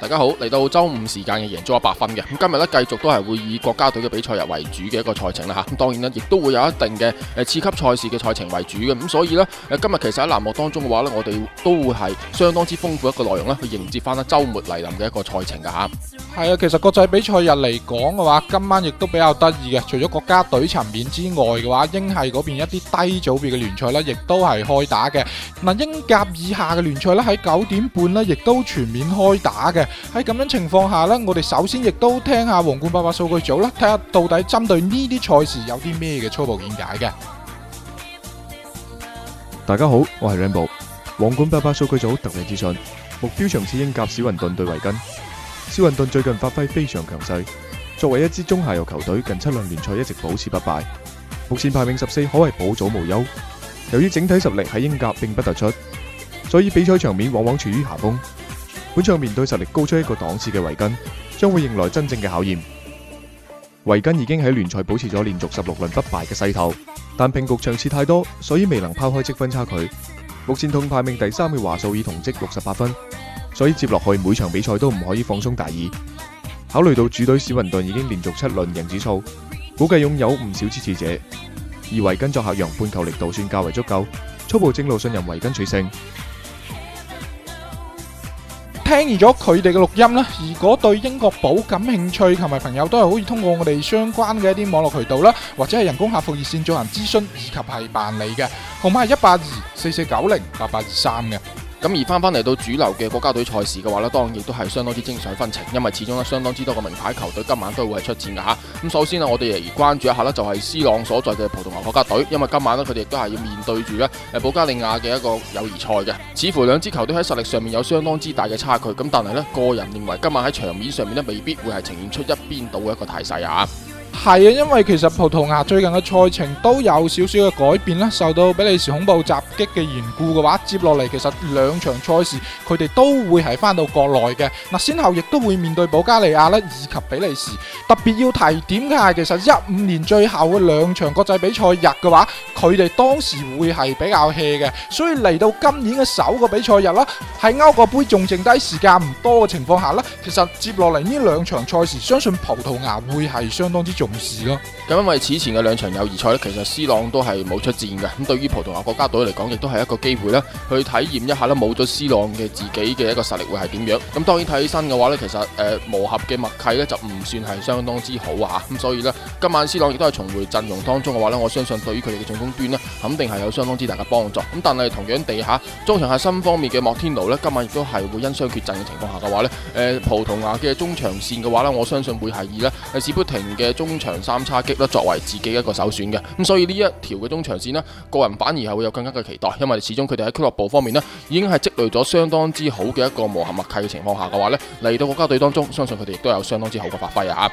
大家好，嚟到周五時間嘅贏足 100FUN 嘅，咁今日咧繼續都係會以國家隊嘅比賽日為主嘅一個賽程啦吓，咁當然咧亦都會有一定嘅誒次級賽事嘅賽程為主嘅，咁所以呢，誒今日其實喺欄目當中嘅話呢，我哋都會係相當之豐富一個內容啦，去迎接翻啦周末嚟臨嘅一個賽程噶吓。係啊，其實國際比賽日嚟講嘅話，今晚亦都比較得意嘅，除咗國家隊層面之外嘅話，英系嗰邊一啲低組別嘅聯賽呢，亦都係開打嘅。嗱，英甲以下嘅聯賽呢，喺九點半呢，亦都全面開打嘅。喺咁樣的情況下呢，我哋首先亦都聽一下皇冠爸爸數據組啦，睇下到底針對呢啲賽事有啲咩嘅初步見解嘅。大家好，我係 Rambo，皇冠爸爸數據組特例資訊，目標場次英甲小雲頓對維根。小雲頓最近發揮非常強勢，作為一支中下游球隊，近七輪聯賽一直保持不敗，目前排名十四，可謂保組無憂。由於整體實力喺英甲並不突出，所以比賽場面往往處於下風。本場面對實力高出一個檔次嘅維根，將會迎來真正嘅考驗。維根已經喺聯賽保持咗連續十六輪不敗嘅勢頭，但平局場次太多，所以未能拋開積分差距。目前同排名第三嘅華數已同積六十八分，所以接落去每場比賽都唔可以放鬆大意。考慮到主隊史雲頓已經連續七輪贏指數，估計擁有唔少支持者，而維根作客讓半球力度算較為足夠，初步正路信任維根取勝。聽完咗佢哋嘅錄音啦，如果對英國寶感興趣，同埋朋友都係可以通過我哋相關嘅一啲網絡渠道啦，或者係人工客服熱線進行諮詢以及係辦理嘅，號碼係一八二四四九零八八二三嘅。咁而翻翻嚟到主流嘅國家隊賽事嘅話呢，當然亦都係相當之精彩分情，精彩紛呈，因為始終呢，相當之多嘅名牌球隊今晚都會係出戰嘅吓。咁首先呢我哋嚟關注一下呢就係斯朗所在嘅葡萄牙國家隊，因為今晚佢哋亦都係要面對住呢誒保加利亞嘅一個友誼賽嘅。似乎兩支球隊喺實力上面有相當之大嘅差距，咁但係呢個人認為今晚喺場面上面呢未必會係呈現出一邊倒嘅一個態勢啊。係啊，因為其實葡萄牙最近嘅賽程都有少少嘅改變啦，受到比利時恐怖襲擊嘅緣故嘅話，接落嚟其實兩場賽事佢哋都會係翻到國內嘅，嗱先後亦都會面對保加利亞啦，以及比利時。特別要提點嘅係，其實一五年最後嘅兩場國際比賽日嘅話，佢哋當時會係比較 hea 嘅，所以嚟到今年嘅首個比賽日啦，喺歐國杯仲剩低時間唔多嘅情況下啦，其實接落嚟呢兩場賽事，相信葡萄牙會係相當之重。唔是咯，咁因為此前嘅兩場友誼賽呢，其實 C 朗都係冇出戰嘅。咁對於葡萄牙國家隊嚟講，亦都係一個機會呢，去體驗一下呢冇咗 C 朗嘅自己嘅一個實力會係點樣。咁當然睇起身嘅話呢，其實誒、呃、磨合嘅默契呢就唔算係相當之好啊。咁所以呢，今晚 C 朗亦都係重回陣容當中嘅話呢，我相信對於佢哋嘅進攻端呢，肯定係有相當之大嘅幫助。咁但係同樣地下中場核心方面嘅莫天奴呢，今晚亦都係會因傷缺陣嘅情況下嘅話呢，誒、呃、葡萄牙嘅中場線嘅話呢，我相信會係以咧史不停嘅中長三叉戟啦，作為自己一個首選嘅，咁所以呢一條嘅中場線咧，個人反而係會有更加嘅期待，因為始終佢哋喺俱樂部方面咧，已經係積累咗相當之好嘅一個磨合默契嘅情況下嘅話咧，嚟到國家隊當中，相信佢哋亦都有相當之好嘅發揮啊！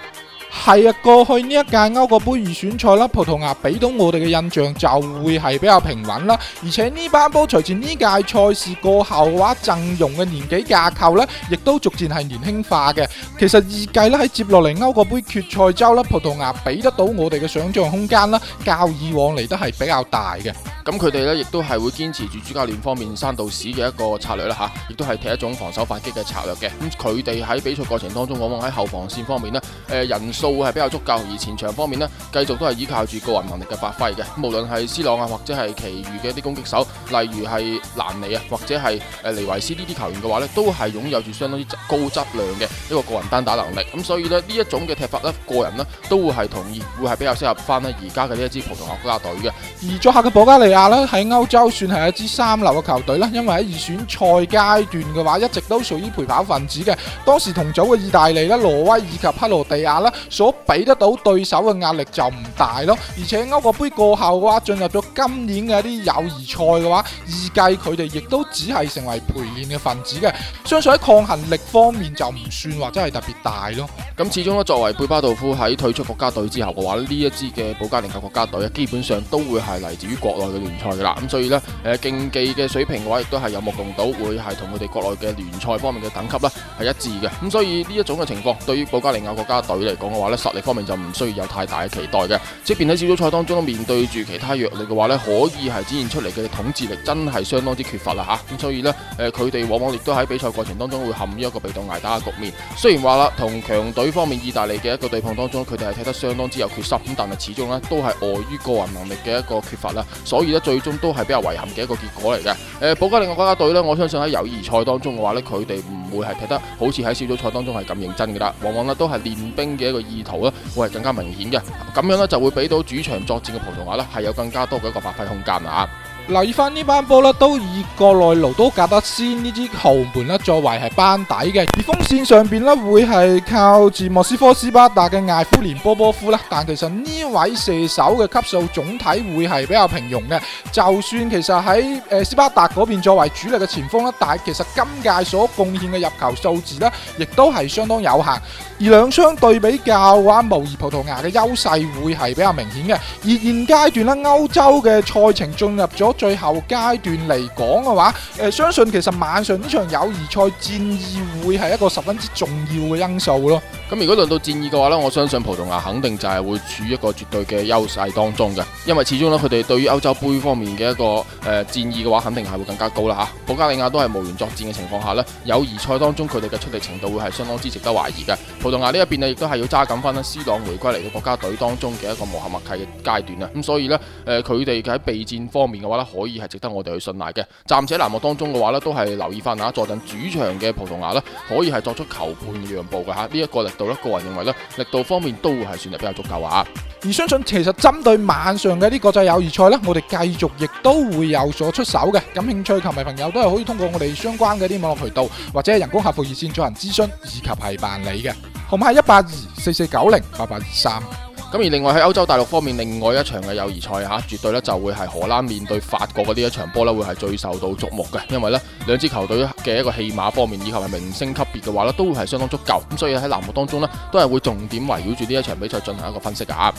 係啊，過去呢一屆歐國杯預選賽啦，葡萄牙俾到我哋嘅印象就會係比較平穩啦。而且呢班波，隨着呢屆賽事過後嘅話，陣容嘅年紀架構呢，亦都逐漸係年輕化嘅。其實二計咧喺接落嚟歐國杯決賽周啦，葡萄牙俾得到我哋嘅想象空間啦，較以往嚟得係比較大嘅。咁佢哋呢亦都係會堅持住主教練方面山道士嘅一個策略啦，吓、啊，亦都係踢一種防守反擊嘅策略嘅。咁佢哋喺比賽過程當中，往往喺後防線方面呢。誒、呃、人都會係比較足夠，而前場方面呢，繼續都係依靠住個人能力嘅發揮嘅。無論係斯朗啊，或者係其餘嘅一啲攻擊手，例如係蘭尼啊，或者係誒尼維斯呢啲球員嘅話呢，都係擁有住相當之高質量嘅一個個人單打能力。咁、嗯、所以呢，呢一種嘅踢法呢，個人呢都會係同意，會係比較適合翻呢而家嘅呢一支葡萄牙國家隊嘅。而作客嘅保加利亞呢，喺歐洲算係一支三流嘅球隊啦，因為喺預選賽階段嘅話一直都屬於陪跑分子嘅。當時同組嘅意大利啦、挪威以及克羅地亞啦。所俾得到對手嘅壓力就唔大咯，而且歐國杯過後嘅話，進入咗今年嘅啲友誼賽嘅話，預計佢哋亦都只係成為陪練嘅分子嘅。相信喺抗衡力方面就唔算話真係特別大咯。咁始終咧，作為貝巴道夫喺退出國家隊之後嘅話，呢一支嘅保加利亞國家隊基本上都會係嚟自於國內嘅聯賽㗎啦。咁所以呢誒競技嘅水平嘅話，亦都係有目共睹，會係同佢哋國內嘅聯賽方面嘅等級咧係一致嘅。咁所以呢一種嘅情況，對於保加利亞國家隊嚟講。話實力方面就唔需要有太大嘅期待嘅，即便喺小組賽當中面對住其他弱力嘅話呢，可以係展現出嚟嘅統治力真係相當之缺乏啦吓，咁、啊、所以呢，誒佢哋往往亦都喺比賽過程當中會陷於一個被動挨打嘅局面。雖然話啦同強隊方面意大利嘅一個對抗當中，佢哋係踢得相當之有決心，咁但係始終呢都係礙於個人能力嘅一個缺乏啦，所以呢，最終都係比較遺憾嘅一個結果嚟嘅。誒、呃、保加利亞國家隊呢，我相信喺友誼賽當中嘅話呢，佢哋唔會係踢得好似喺小組賽當中係咁認真噶啦，往往呢，都係練兵嘅一個。意圖咧會係更加明顯嘅，咁樣咧就會俾到主場作戰嘅葡萄牙咧係有更加多嘅一個發揮空間啊！留意翻呢班波啦，都以國內路都架得先呢支豪門呢作為係班底嘅。而鋒線上邊呢會係靠住莫斯科斯巴達嘅艾夫連波波夫啦，但其實呢位射手嘅級數總體會係比較平庸嘅。就算其實喺誒斯巴達嗰邊作為主力嘅前鋒呢，但係其實今屆所貢獻嘅入球數字呢，亦都係相當有限。而兩相對比較嘅話，無疑葡萄牙嘅優勢會係比較明顯嘅。而現階段呢，歐洲嘅賽程進入咗最後階段嚟講嘅話，誒、呃，相信其實晚上呢場友誼賽戰意會係一個十分之重要嘅因素咯。咁如果輪到戰意嘅話咧，我相信葡萄牙肯定就係會處於一個絕對嘅優勢當中嘅，因為始終呢，佢哋對於歐洲盃方面嘅一個誒、呃、戰意嘅話，肯定係會更加高啦吓。保加利亞都係無緣作戰嘅情況下咧，友誼賽當中佢哋嘅出力程度會係相當之值得懷疑嘅。葡萄牙呢一邊呢，亦都係要揸緊翻呢 C 朗回歸嚟到國家隊當中嘅一個磨合默契嘅階段啊。咁所以呢，誒、呃，佢哋喺備戰方面嘅話可以係值得我哋去信賴嘅，暫且欄目當中嘅話咧，都係留意翻下，坐陣主場嘅葡萄牙啦，可以係作出球半嘅讓步嘅吓，呢、這、一個力度咧，個人認為咧，力度方面都係算係比較足夠啊。而相信其實針對晚上嘅呢國際友誼賽咧，我哋繼續亦都會有所出手嘅，感興趣球迷朋友都係可以通過我哋相關嘅啲網絡渠道或者係人工客服熱線進行諮詢以及係辦理嘅，號碼係一八二四四九零八八二三。咁而另外喺歐洲大陸方面，另外一場嘅友誼賽吓，絕對咧就會係荷蘭面對法國嗰啲一場波咧，會係最受到矚目嘅，因為咧兩支球隊嘅一個戲碼方面，以及係明星級別嘅話咧，都會係相當足夠。咁所以喺欄目當中咧，都係會重點圍繞住呢一場比賽進行一個分析噶。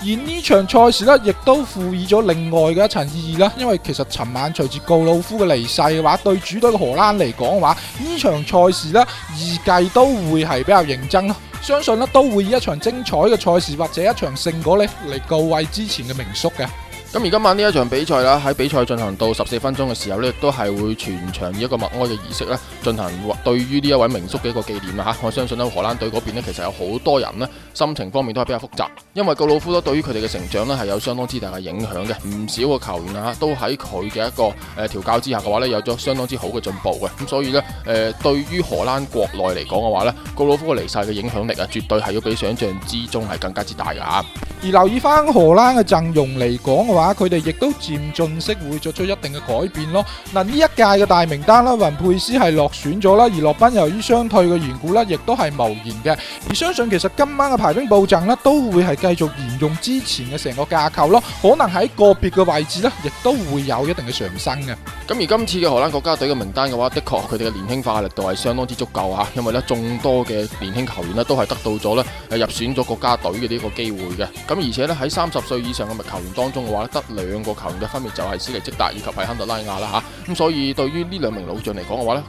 而呢場賽事咧，亦都賦予咗另外嘅一層意義啦，因為其實尋晚隨住告魯夫嘅離世嘅話，對主隊嘅荷蘭嚟講嘅話，這場呢場賽事咧，預計都會係比較認真相信咧都會以一場精彩嘅賽事或者一場勝果咧嚟告慰之前嘅名宿嘅。咁而今晚呢一場比賽啦，喺比賽進行到十四分鐘嘅時候咧，亦都係會全場以一個默哀嘅儀式咧進行，對於呢一位名宿嘅一個紀念啊！嚇，我相信咧荷蘭隊嗰邊咧其實有好多人咧心情方面都係比較複雜，因為告魯夫呢對於佢哋嘅成長咧係有相當之大嘅影響嘅，唔少嘅球員啊都喺佢嘅一個誒調教之下嘅話咧有咗相當之好嘅進步嘅，咁所以咧誒對於荷蘭國內嚟講嘅話咧，告魯夫嘅離世嘅影響力啊，絕對係要比想象之中係更加之大嘅嚇。而留意翻荷蘭嘅陣容嚟講。話佢哋亦都漸進式會作出一定嘅改變咯。嗱，呢一屆嘅大名單啦，雲佩斯係落選咗啦，而落賓由於傷退嘅緣故呢，亦都係無緣嘅。而相信其實今晚嘅排兵佈陣呢，都會係繼續沿用之前嘅成個架構咯。可能喺個別嘅位置呢，亦都會有一定嘅上升嘅。咁而今次嘅荷蘭國家隊嘅名單嘅話，的確佢哋嘅年輕化力度係相當之足夠吓，因為呢，眾多嘅年輕球員呢，都係得到咗呢入選咗國家隊嘅呢個機會嘅。咁而且呢，喺三十歲以上嘅球員當中嘅話。得兩個球員嘅分別就係史利積達以及係亨特拉亞啦嚇，咁所以對於呢兩名老將嚟講嘅話呢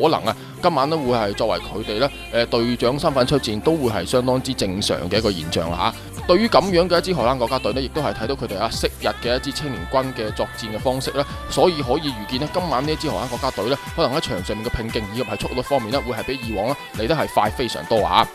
可能啊今晚咧會係作為佢哋呢誒隊長身份出戰，都會係相當之正常嘅一個現象啦嚇。對於咁樣嘅一支荷蘭國家隊呢，亦都係睇到佢哋啊昔日嘅一支青年軍嘅作戰嘅方式咧，所以可以預見咧今晚呢一支荷蘭國家隊呢，可能喺場上面嘅拼勁以及係速度方面呢，會係比以往咧嚟得係快非常多啊！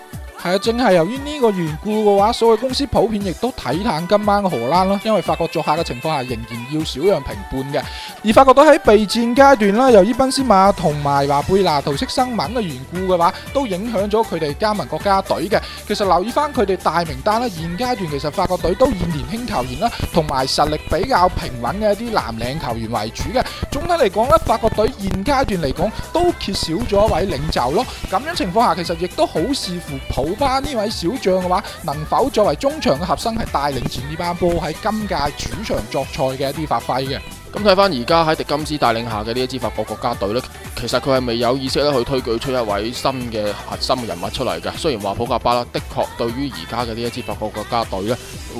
係啊，正係由於呢個緣故嘅話，所有公司普遍亦都睇淡今晚嘅荷蘭咯。因為法國作客嘅情況下，仍然要少量平半嘅。而法國隊都喺備戰階段啦，由於賓斯馬同埋華貝拿桃色新聞嘅緣故嘅話，都影響咗佢哋加盟國家隊嘅。其實留意翻佢哋大名單啦，現階段其實法國隊都以年輕球員啦，同埋實力比較平穩嘅一啲藍領球員為主嘅。總體嚟講呢，法國隊現階段嚟講都缺少咗一位領袖咯。咁樣的情況下，其實亦都好視乎普巴呢位小將嘅話，能否作為中場嘅核心，係帶領前呢班波喺今屆主場作賽嘅一啲發揮嘅？咁睇翻而家喺迪金斯帶領下嘅呢一支法國國家隊呢，其實佢係未有意識咧去推舉出一位新嘅核心人物出嚟嘅。雖然話普格巴啦，的確對於而家嘅呢一支法國國家隊呢，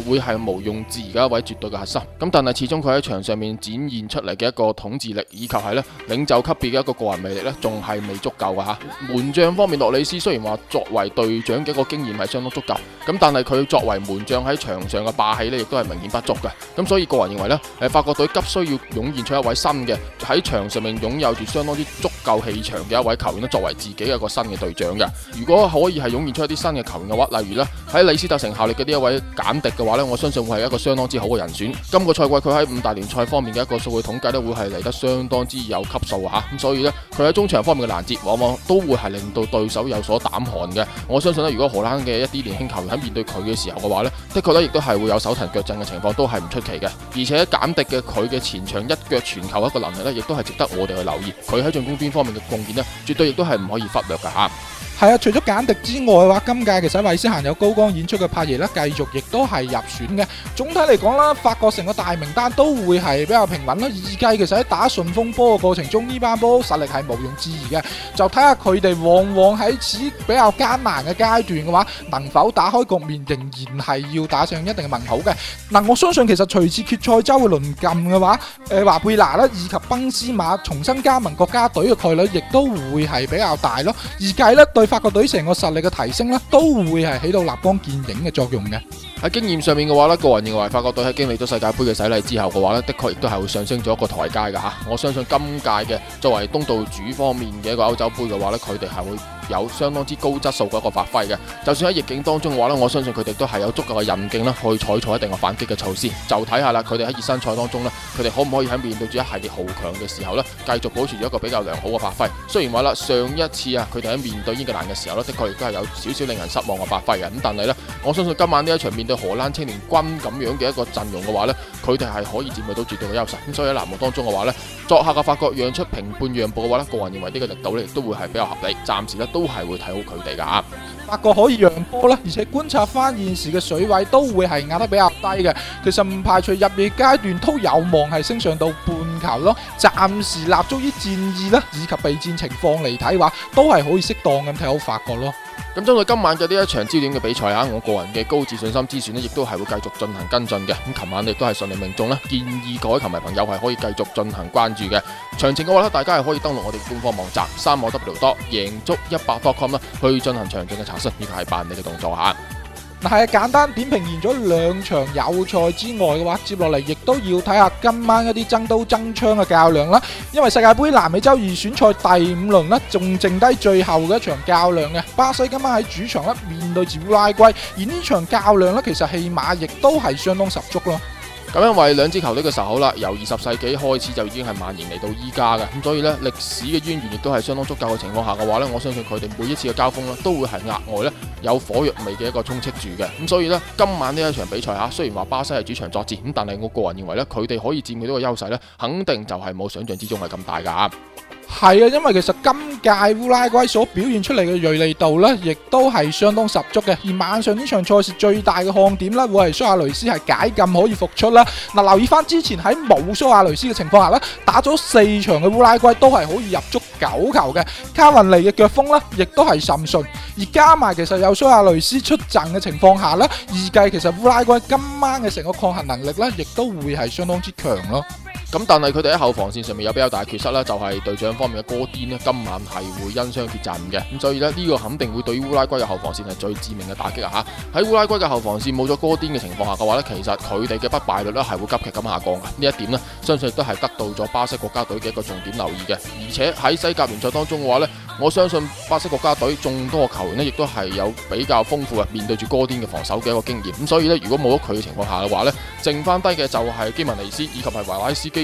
會係無用至而家一位絕對嘅核心。咁但係始終佢喺場上面展現出嚟嘅一個統治力，以及係呢領袖級別嘅一個個人魅力呢，仲係未足夠嘅吓。門將方面，洛里斯雖然話作為隊長嘅一個經驗係相當足夠，咁但係佢作為門將喺場上嘅霸氣呢，亦都係明顯不足嘅。咁所以個人認為呢，法國隊急需要。湧現出一位新嘅喺場上面擁有住相當之足夠氣場嘅一位球員作為自己一個新嘅隊長嘅。如果可以係湧現出一啲新嘅球員嘅話，例如咧喺李斯特城效力嘅呢一位簡迪嘅話咧，我相信會係一個相當之好嘅人選。今個賽季佢喺五大聯賽方面嘅一個數據統計咧，會係嚟得相當之有級數吓。咁、啊、所以咧，佢喺中場方面嘅攔截往往都會係令到對手有所膽寒嘅。我相信咧，如果荷蘭嘅一啲年輕球員喺面對佢嘅時候嘅話咧，的確咧亦都係會有手騰腳震嘅情況，都係唔出奇嘅。而且簡迪嘅佢嘅前強一腳全球一個能力咧，亦都係值得我哋去留意。佢喺進攻邊方面嘅貢獻咧，絕對亦都係唔可以忽略嘅吓。係啊，除咗簡迪之外嘅話，今屆其實韋斯咸有高光演出嘅柏耶咧，繼續亦都係入選嘅。總體嚟講啦，法國成個大名單都會係比較平穩咯。預計其實喺打順風波嘅過程中，呢班波實力係毋庸置疑嘅。就睇下佢哋往往喺此比較艱難嘅階段嘅話，能否打開局面，仍然係要打上一定嘅問號嘅。嗱，我相信其實隨住決賽周會輪禁嘅話，誒，華貝拿咧以及賓斯馬重新加盟國家隊嘅概率亦都會係比較大咯。預計呢對。法國隊成個實力嘅提升咧，都會係起到立竿見影嘅作用嘅。喺經驗上面嘅話咧，個人認為法國隊喺經歷咗世界杯嘅洗禮之後嘅話呢，的確亦都係會上升咗一個台階嘅吓。我相信今屆嘅作為東道主方面嘅一個歐洲杯嘅話呢，佢哋係會。有相當之高質素嘅一個發揮嘅，就算喺逆境當中嘅話咧，我相信佢哋都係有足夠嘅韌勁咧，去採取一定嘅反擊嘅措施。就睇下啦，佢哋喺熱身賽當中咧，佢哋可唔可以喺面對住一系列豪強嘅時候咧，繼續保持咗一個比較良好嘅發揮。雖然話啦，上一次啊，佢哋喺面對英格蘭嘅時候咧，的確亦都係有少少令人失望嘅發揮嘅。咁但係呢，我相信今晚呢一場面對荷蘭青年軍咁樣嘅一個陣容嘅話呢，佢哋係可以佔據到絕對嘅優勢。咁所以喺藍幕當中嘅話呢，作客嘅法國讓出平半讓步嘅話呢，個人認為呢個力度咧都會係比較合理。暫時咧。都係會睇好佢哋噶，法國可以讓波啦，而且觀察翻現時嘅水位都會係壓得比較低嘅。其實唔排除入夜階段都有望係升上到半球咯。暫時立足於戰意啦，以及備戰情況嚟睇話，都係可以適當咁睇好法國咯。咁針對今晚嘅呢一場焦點嘅比賽啊，我個人嘅高自信心之選呢，亦都係會繼續進行跟進嘅。咁琴晚亦都係順利命中啦，建議各位球迷朋友係可以繼續進行關注嘅。詳情嘅話呢，大家係可以登錄我哋官方網站三個 w 多贏足一百 .com 去進行詳情嘅查詢，呢個係辦理嘅動作吓。係啊，簡單點評完咗兩場友賽之外嘅話，接落嚟亦都要睇下今晚一啲爭刀爭槍嘅較量啦。因為世界杯南美洲預選賽第五輪呢，仲剩低最後嘅一場較量嘅。巴西今晚喺主場呢，面對住烏拉圭，而呢場較量呢，其實戲碼亦都係相當十足咯。咁因為兩支球隊嘅時候啦，由二十世紀開始就已經係蔓延嚟到依家嘅，咁所以呢歷史嘅淵源亦都係相當足夠嘅情況下嘅話呢，我相信佢哋每一次嘅交鋒都會係額外呢，有火藥味嘅一個充斥住嘅。咁所以呢，今晚呢一場比賽吓，雖然話巴西係主場作戰，咁但係我個人認為呢，佢哋可以佔據到個優勢呢，肯定就係冇想象之中係咁大噶。係啊，因為其實今屆烏拉圭所表現出嚟嘅銳利度咧，亦都係相當十足嘅。而晚上呢場賽事最大嘅看點咧，會係蘇亞雷斯係解禁可以復出啦。嗱，留意翻之前喺冇蘇亞雷斯嘅情況下咧，打咗四場嘅烏拉圭都係可以入足九球嘅。卡雲尼嘅腳風咧，亦都係甚順。而加埋其實有蘇亞雷斯出陣嘅情況下咧，預計其實烏拉圭今晚嘅成個抗衡能力咧，亦都會係相當之強咯。咁但係佢哋喺後防線上面有比較大嘅缺失呢，就係、是、隊長方面嘅歌顛呢，今晚係會因傷缺陣嘅。咁所以呢，呢個肯定會對於烏拉圭嘅後防線係最致命嘅打擊啊！吓，喺烏拉圭嘅後防線冇咗歌顛嘅情況下嘅話呢，其實佢哋嘅不敗率呢係會急劇咁下降嘅。呢一點呢，相信都係得到咗巴西國家隊嘅一個重點留意嘅。而且喺西甲聯賽當中嘅話呢，我相信巴西國家隊眾多球員呢，亦都係有比較豐富啊，面對住歌顛嘅防守嘅一個經驗。咁所以呢，如果冇咗佢嘅情況下嘅話呢，剩翻低嘅就係基文尼斯以及係維拉斯基。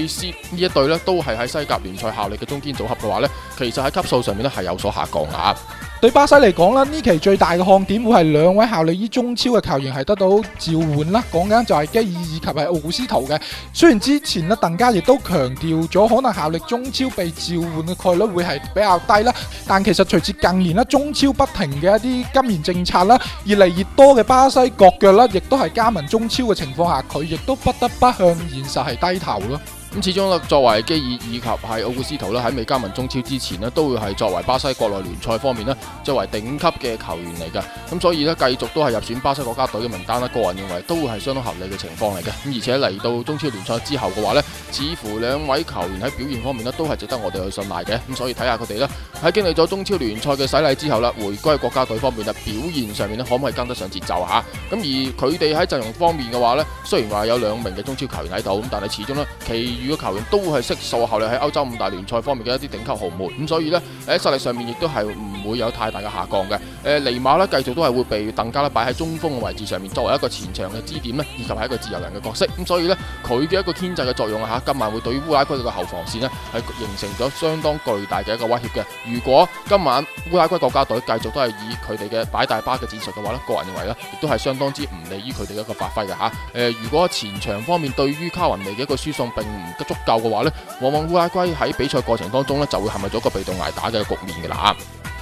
這一呢一隊咧，都係喺西甲聯賽效力嘅中堅組合嘅話呢，其實喺級數上面咧係有所下降啊。對巴西嚟講咧，呢期最大嘅看點會係兩位效力於中超嘅球員係得到召喚啦。講緊就係基爾以及係奧古斯圖嘅。雖然之前咧鄧加亦都強調咗，可能效力中超被召喚嘅概率會係比較低啦，但其實隨住近年咧，中超不停嘅一啲金元政策啦，越嚟越多嘅巴西國腳啦，亦都係加盟中超嘅情況下，佢亦都不得不向現實係低頭咯。咁始終咧，作為基爾以及係奧古斯圖咧，喺未加盟中超之前咧，都會係作為巴西國內聯賽方面咧，作為頂級嘅球員嚟嘅。咁所以咧，繼續都係入選巴西國家隊嘅名單啦。個人認為都係相當合理嘅情況嚟嘅。咁而且嚟到中超聯賽之後嘅話咧，似乎兩位球員喺表現方面咧，都係值得我哋去信賴嘅。咁所以睇下佢哋咧，喺經歷咗中超聯賽嘅洗禮之後啦，回歸國家隊方面嘅表現上面咧，可唔可以跟得上節奏啊？嚇！咁而佢哋喺陣容方面嘅話咧，雖然話有兩名嘅中超球員喺度，咁但係始終咧其如果球員都係悉數效力喺歐洲五大聯賽方面嘅一啲頂級豪門，咁所以呢，喺實力上面亦都係唔會有太大嘅下降嘅。誒、呃，尼馬呢繼續都係會被鄧加呢擺喺中鋒嘅位置上面，作為一個前場嘅支點呢，以及係一個自由人嘅角色，咁所以呢。佢嘅一個牽制嘅作用啊，今晚會對於烏拉圭嘅後防線咧係形成咗相當巨大嘅一個威脅嘅。如果今晚烏拉圭國家隊繼續都係以佢哋嘅擺大巴嘅戰術嘅話咧，個人認為呢亦都係相當之唔利於佢哋嘅一個發揮嘅嚇。誒、呃，如果前場方面對於卡雲尼嘅一個輸送並唔足夠嘅話呢，往往烏拉圭喺比賽過程當中咧就會陷入咗一個被動挨打嘅局面嘅啦。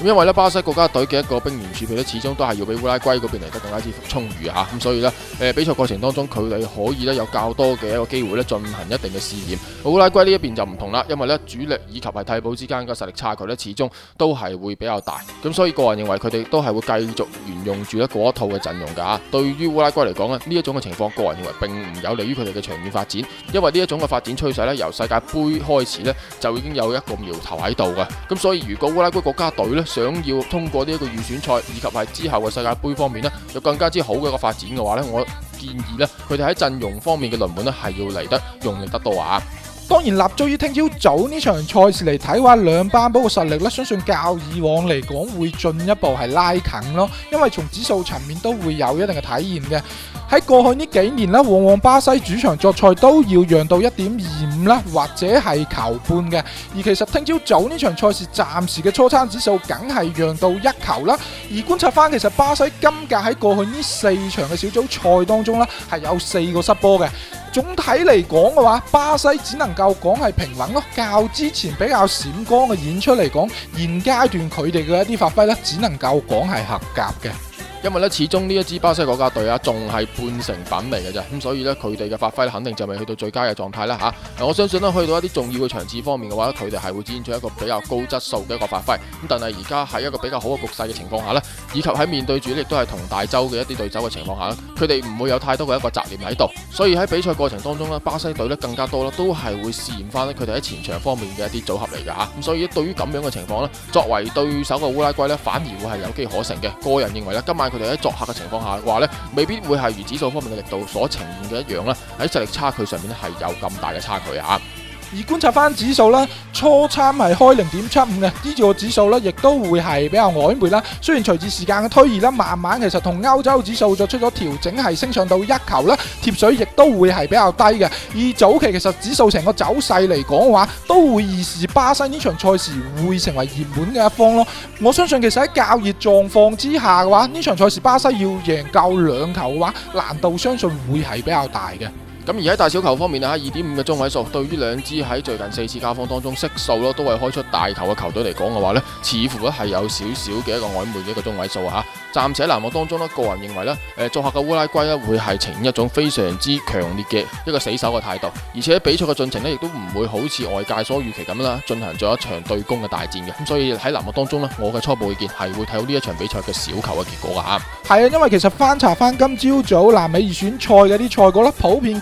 咁因為咧，巴西國家隊嘅一個兵員儲備咧，始終都係要比烏拉圭嗰邊嚟得更加之充裕吓。咁所以咧，誒比賽過程當中，佢哋可以咧有較多嘅一個機會咧進行一定嘅試驗。烏拉圭呢一邊就唔同啦，因為咧主力以及係替補之間嘅實力差距咧，始終都係會比較大。咁所以個人認為，佢哋都係會繼續沿用住嗰一套嘅陣容噶。對於烏拉圭嚟講咧，呢一種嘅情況，個人認為並唔有利於佢哋嘅長遠發展，因為呢一種嘅發展趨勢咧，由世界盃開始咧就已經有一個苗頭喺度噶。咁所以如果烏拉圭國家隊咧，想要通過呢一個預選賽，以及係之後嘅世界盃方面咧，有更加之好嘅一個發展嘅話咧，我建議咧，佢哋喺陣容方面嘅輪盤咧係要嚟得用力得多啊！當然，立足於聽朝早呢場賽事嚟睇話，兩班波嘅實力咧，相信較以往嚟講會進一步係拉近咯。因為從指數層面都會有一定嘅體驗嘅。喺過去呢幾年往往巴西主場作賽都要讓到一點二五啦，或者係球半嘅。而其實聽朝早呢場賽事暫時嘅初盤指數，梗係讓到一球啦。而觀察翻，其實巴西今屆喺過去呢四場嘅小組賽當中呢係有四個失波嘅。總體嚟講嘅話，巴西只能夠講係平穩咯。較之前比較閃光的演出嚟講，現階段佢哋嘅一啲發揮咧，只能夠講係合格嘅。因為咧，始終呢一支巴西國家隊啊，仲係半成品嚟嘅咋，咁所以咧，佢哋嘅發揮肯定就未去到最佳嘅狀態啦吓。嗱，我相信咧，去到一啲重要嘅場次方面嘅話，佢哋係會展現一個比較高質素嘅一個發揮。咁但係而家喺一個比較好嘅局勢嘅情況下咧，以及喺面對住亦都係同大洲嘅一啲對手嘅情況下，佢哋唔會有太多嘅一個雜念喺度。所以喺比賽過程當中咧，巴西隊咧更加多啦，都係會試驗翻佢哋喺前場方面嘅一啲組合嚟嘅吓。咁所以對於咁樣嘅情況咧，作為對手嘅烏拉圭咧，反而會係有機可乘嘅。個人認為咧，今晚。佢哋喺作客嘅情況下話咧，未必會係如指數方面嘅力度所呈現嘅一樣啦。喺實力差距上面咧，係有咁大嘅差距啊。而觀察翻指數啦，初參係開零點七五嘅，依個指數咧亦都會係比較曖昧啦。雖然隨住時間嘅推移啦，慢慢其實同歐洲指數作出咗調整，係升上到一球啦，貼水亦都會係比較低嘅。而早期其實指數成個走勢嚟講嘅話，都會預示巴西呢場賽事會成為熱門嘅一方咯。我相信其實喺較熱狀況之下嘅話，呢場賽事巴西要贏夠兩球嘅話，難度相信會係比較大嘅。咁而喺大小球方面啊，二點五嘅中位數，對於兩支喺最近四次交鋒當中悉數咯，都係開出大球嘅球隊嚟講嘅話呢，似乎咧，係有少少嘅一個曖昧嘅一個中位數吓。暫時喺欄目當中呢個人認為呢，誒、呃，作客嘅烏拉圭呢會係呈現一種非常之強烈嘅一個死守嘅態度，而且比賽嘅進程呢亦都唔會好似外界所預期咁啦，進行咗一場對攻嘅大戰嘅。咁所以喺欄目當中呢，我嘅初步意見係會睇到呢一場比賽嘅小球嘅結果噶吓。係啊，啊，因為其實翻查翻今朝早，早南美預選賽嘅啲賽果啦，普遍。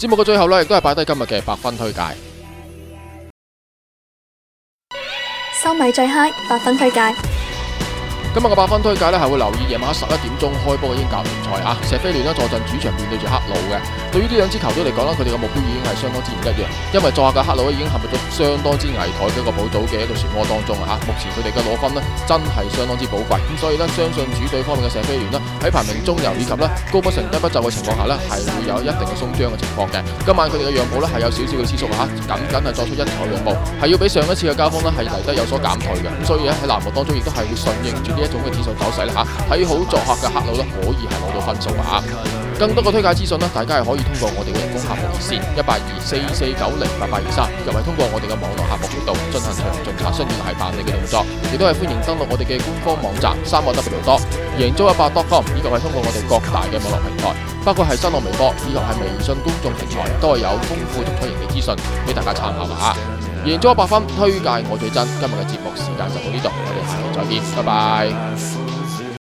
節目嘅最後呢，亦都係擺低今日嘅百分推介。收米最嗨，百分推介。今日嘅八分推介呢，係會留意夜晚十一點鐘開波嘅英格聯賽啊！錫菲聯呢，坐鎮主場面對住黑佬嘅，對於呢兩支球隊嚟講呢，佢哋嘅目標已經係相當之唔一樣。因為作客嘅黑佬已經陷入咗相當之危殆嘅一個保組嘅一個漩渦當中啊！目前佢哋嘅攞分呢，真係相當之寶貴，咁所以呢，相信主隊方面嘅錫菲聯呢，喺排名中游以及呢高不成低不就嘅情況下呢，係會有一定嘅鬆張嘅情況嘅。今晚佢哋嘅讓步呢，係有少少嘅收縮吓，僅僅係作出一球讓步，係要比上一次嘅交鋒呢，係嚟得有所減退嘅。咁所以呢，喺藍球當中亦都係會順應住。一種嘅指數走勢啦吓，睇好作客嘅客路，咧，可以係攞到分數噶吓。更多嘅推介資訊，大家係可以通過我哋嘅人工客服熱線一八二四四九零八八二三，又係通過我哋嘅網絡客服渠道進行詳盡查詢同埋辦理嘅動作，亦都係歡迎登錄我哋嘅官方網站三個 w 多贏足一百 .com 以及係通過我哋各大嘅網絡平台，包括係新浪微博以及係微信公眾平台，都係有豐富足彩型嘅資訊，俾大家參考啦吓贏咗一百分，推介我最真。今日嘅節目時間就到呢度，我哋下期再見，拜拜。